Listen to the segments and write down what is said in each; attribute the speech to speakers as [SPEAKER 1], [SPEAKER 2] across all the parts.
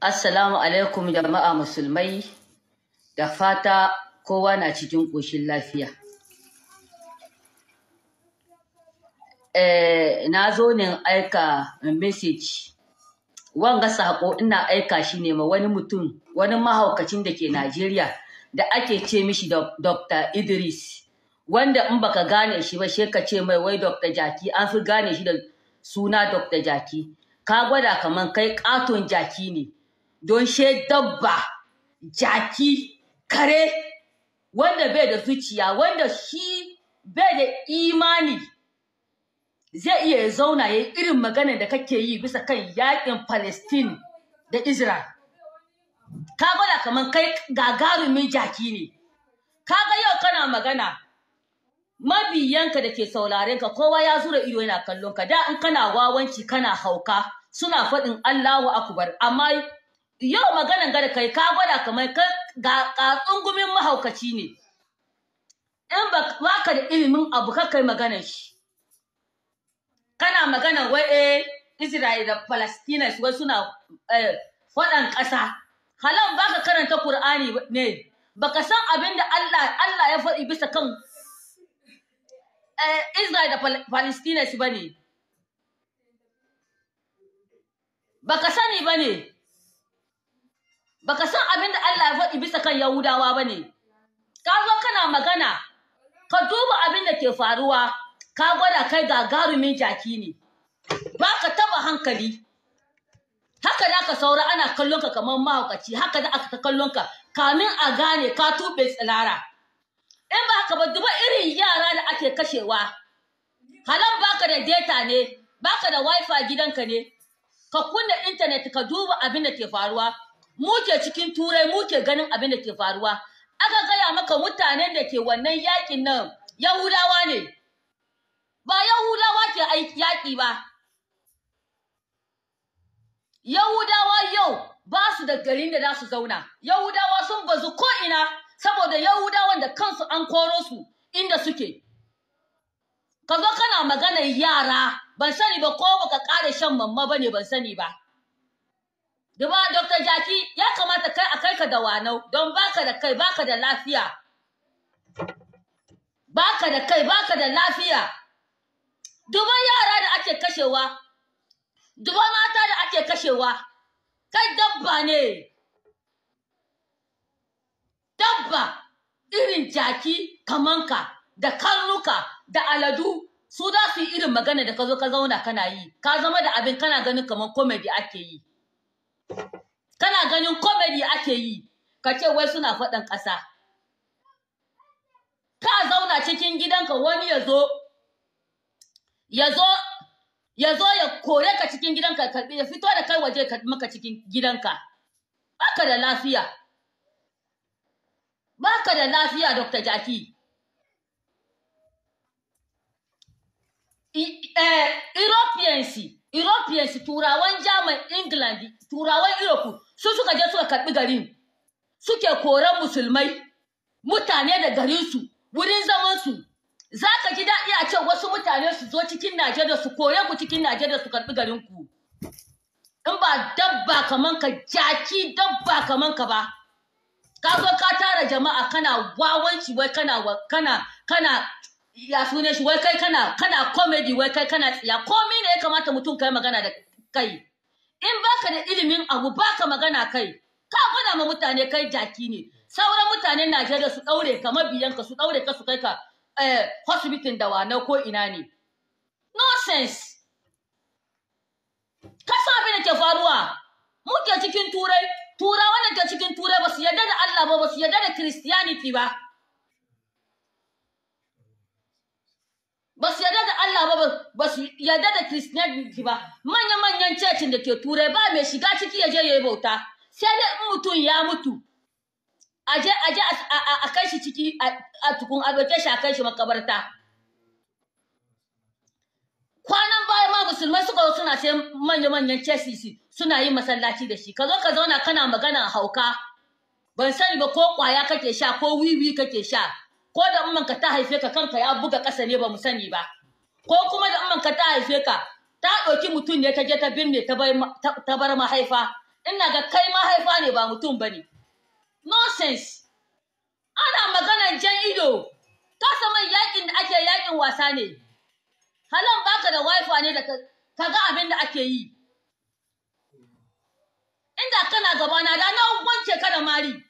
[SPEAKER 1] Assalamu alaikum jama'a musulmai da fata kowa na cikin ƙoshin lafiya. Eh, na zo ne aika message wanga sako ina aika shi ne ma wani mutum wani mahaukacin da ke Najeriya da ake ce mishi Dr. Idris wanda in baka gane shi ba sai ka ce mai wai Dr. Jaki an fi gane shi da suna Dr. Jaki ka gwada kaman kai ƙaton jaki ne don she dabba jaki kare wanda bai da zuciya wanda shi bai da imani zai iya ya zauna ya irin magana da kake yi bisa kan yakin Palestine da Israel. Ka gwada kamar kai gagarumin jaki ne. Ka ga yau kana magana mabiyanka da ke saurare ka kowa ya zura ido yana kallon ka da in kana wawanci kana hauka suna faɗin Allahu akbar amma yau maganan gada kai ka gwada kamar ka ga tsungumin mahaukaci ne in ba ka da ilimin abu ka kai maganar shi kana magana wai eh Isra'ila da Palestina wai suna eh, faɗan ƙasa halan baka karanta Qur'ani ne baka san abin da Allah Allah ya faɗi bisa kan eh, Isra'ila da Palestina ba ne baka sani ba ne baka san abin da Allah ya faɗi bisa kan Yahudawa ba ne. Ka zo kana magana, ka duba abin da ke faruwa, ka gwada kai gagarumin jaki ne. Ba ka taba hankali. Haka da ka saura ana kallon ka kamar mahaukaci, haka da aka kallon ka, kamin a gane ka tube tsilara. In ba haka ba duba irin yara da ake kashewa. Halan baka da data ne, baka da wifi gidanka ne, ka kunna intanet ka duba abin da ke faruwa, Muke cikin turai muke ganin abin da ke faruwa aka gaya maka mutanen da ke wannan yakin nan yahudawa ne ba yahudawa ke yaƙi ba yahudawa yau ba su da garin da za su zauna yahudawa sun bazu ko'ina saboda yahudawan da kansu an koro su inda suke ka kana maganar yara ban sani ba ko baka ƙara shan mamma ne, ban sani ba baka da wanau don baka da kai baka da lafiya baka da kai baka da lafiya duban yara da ake kashewa duban mata da ake kashewa kai dabba ne dabba irin jaki kamanka da karnuka da aladu su za su yi irin magana da ka zo ka zauna kana yi ka zama da abin kana ganin kamar komedi ake yi ganin komedi ake yi ka ce wai suna faɗin ƙasa ka zauna cikin gidanka wani ya zo ya zo ya zo ya kore ka cikin gidanka ya fito da kai waje ka maka cikin gidanka baka da lafiya baka da lafiya Dr. Jaki Europeans eh, Europeans turawan German England turawan Europe su suka je suka karɓi garin suke koran musulmai mutane da garinsu wurin zamansu za ka ji daɗi a ce wasu mutane su zo cikin Najeriya su koye ku cikin Najeriya su karɓi garin ku. In ba dabba kaman ka jaki dabba kaman ka ba. Ka zo ka tara jama'a kana wawanci wai kana kana kana ya sune shi wai kai kana kana comedy wai kai kana tsiya komi ne ya kamata mutum kai magana da kai. in baka da ilimin abu baka magana kai ka gwada ma mutane kai jaki ne sauran mutanen Najeriya su daure ka mabiyanka su daure ka su kai ka eh, hosibitin da wana ko ina ne nonsense ka san abin da ke faruwa muke cikin turai turawa da ke cikin turai ba su yarda da Allah ba ba su yarda da Christianity ba shi yadda da Christianity ba manyan manyan cecin da ke turai ba mai shiga ciki ya je ya yi bauta sai dai in mutum ya mutu aje aje a kai shi ciki a tukun a shi a kai shi makabarta kwanan baya ma musulmai suka zo suna sai manya manyan cecisi suna yi masallaci da shi ka zo ka zauna kana magana hauka ban sani ba ko kwaya kake sha ko wiwi kake sha ko da umman ka ta haife ka kanka ya buga kasa ne ba mu sani ba ko kuma da amman ka ta haife ka ta ɗauki mutum ne ta je ta binne ta bar mahaifa ina ga kai mahaifa ne ba mutum ba ne nonsense ana maganar jan ido ka saman yakin da ake yakin wasa ne halan baka da waifa ne da ka ga abin da ake yi inda kana gabana da na wanke ka da mari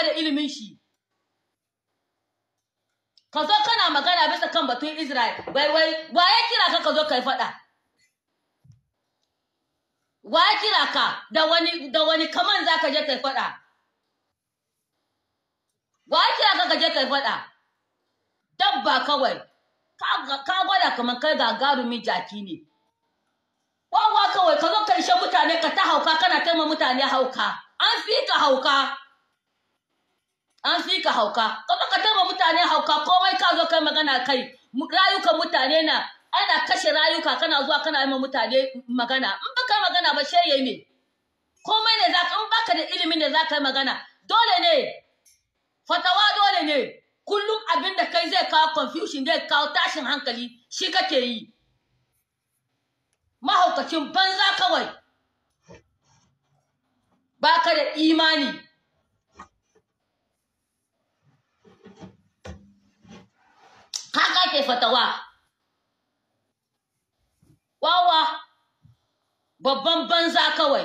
[SPEAKER 1] ka da ilimin shi ka zo kana magana bisa kan batun Israel wai wai ya kira ka ka zo kai faɗa ya kira ka da wani da wani kaman zaka je kai faɗa ya kira ka ka je kai faɗa dabba kawai ka gwada kamar kai gagarumin jaki ne wawa kawai ka zo karshen mutane ka ta hauka kana taima mutane hauka an fi ka hauka an fi ka hauka kuma ka taba mutane hauka komai ka zo kai magana kai rayukan mutane na ana kashe rayuka kana zuwa kana yi mutane magana in baka magana ba sheye ne komai ne zaka in baka da ilimin da zaka yi magana dole ne fatawa dole ne kullum abin da kai zai kawo confusion zai kawo tashin hankali shi kake yi mahaukacin banza kawai ba ka da imani haka ke fatawa wawa babban banza kawai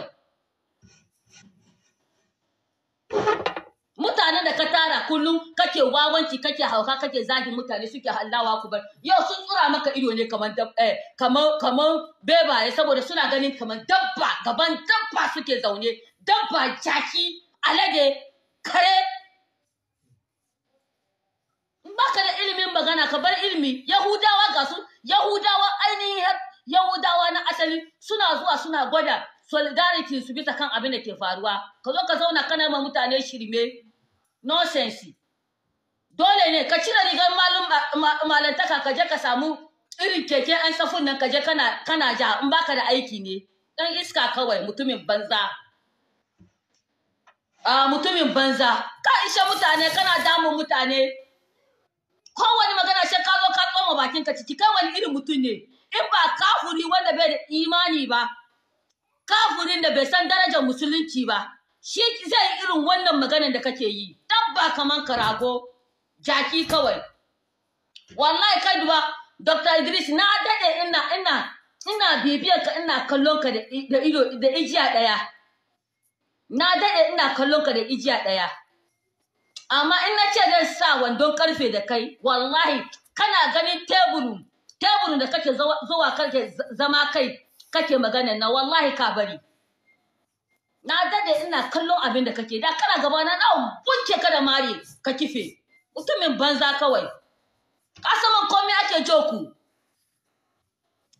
[SPEAKER 1] mutanen da ka tara kullum kake wawanci kake hauka kake zagin mutane suke hallawa ku bar yau sun tsura maka ido ne kamar eh, kamar kamar bebaye saboda suna ganin kamar dabba gaban dabba suke zaune dabba jaki alade kare baka magana ka bar ilimi yahudawa ga su yahudawa ainihin yahudawa na asali suna zuwa suna gwada solidarity su bisa kan abin da ke faruwa ka zo ka zauna kana ma mutane shirme nonsense dole ne ka cire rigar malum malantaka ka je ka samu irin keke an safun nan ka je kana kana ja in baka da aiki ne dan iska kawai mutumin banza a ah, mutumin banza ka ishe mutane kana damu mutane kowane magana shi ka zo ka tsoma bakinka ka ciki kai wani irin mutum ne in ba kafuri wanda bai da imani ba kafurin da bai san darajar musulunci ba shi zai irin wannan maganar da kake yi dabba kaman karago jaki kawai wallahi kai duba Dr. Idris na dade ina ina ina bibiyar ka ina kallon ka da ido da ijiya daya na dade ina kallon ka da ijiya daya amma in na ce zan sa wandon karfe da kai wallahi kana ganin teburu teburin da kake zuwa kake zama kai kake magana na wallahi ka bari na dade ina kallon abin da kake da kana gaba na na bunke ka da mare ka kife mutumin banza kawai ka san saman komai ake joku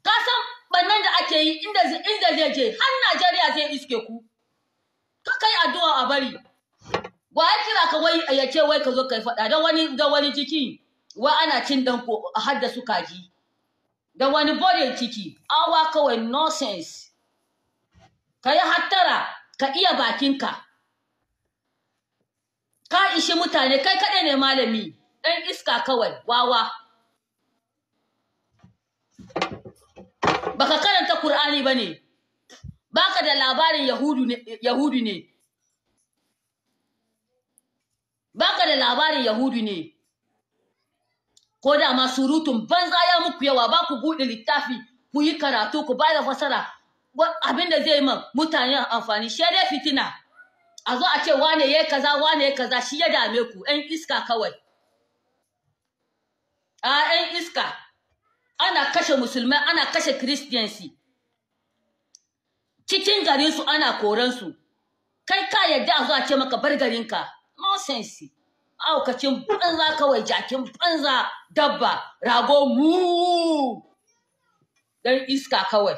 [SPEAKER 1] ka san bannan da ake yi inda inda zai je har Najeriya zai iske ku ka kai addu'a a bari wa ya kira ka wai ya wai ka zo ka yi faɗa da wani da wani ciki wa ana cin dan ko har da su kaji da wani bore ciki awa kawai nonsense ka yi hattara ka iya bakinka ka ishi mutane kai kaɗai ne malami ɗan iska kawai wawa baka karanta Kur'ani ba ne baka da labarin yahudu ne baka da labarin yahudu ne ko da ma surutun banza ya muku yawa ba ku buɗe littafi ku yi karatu ku ba da fasara abin da zai man mutane amfani shi dai fitina a zo a ce wane ya kaza wane ya kaza shi ya dame ku ɗan iska kawai a ɗan iska ana kashe musulmai ana kashe kiristiyansi cikin garinsu ana koransu kai ka yadda a zo a ce maka bar garinka nonsense aukacin banza kawai jakin banza dabba rago mu dan iska kawai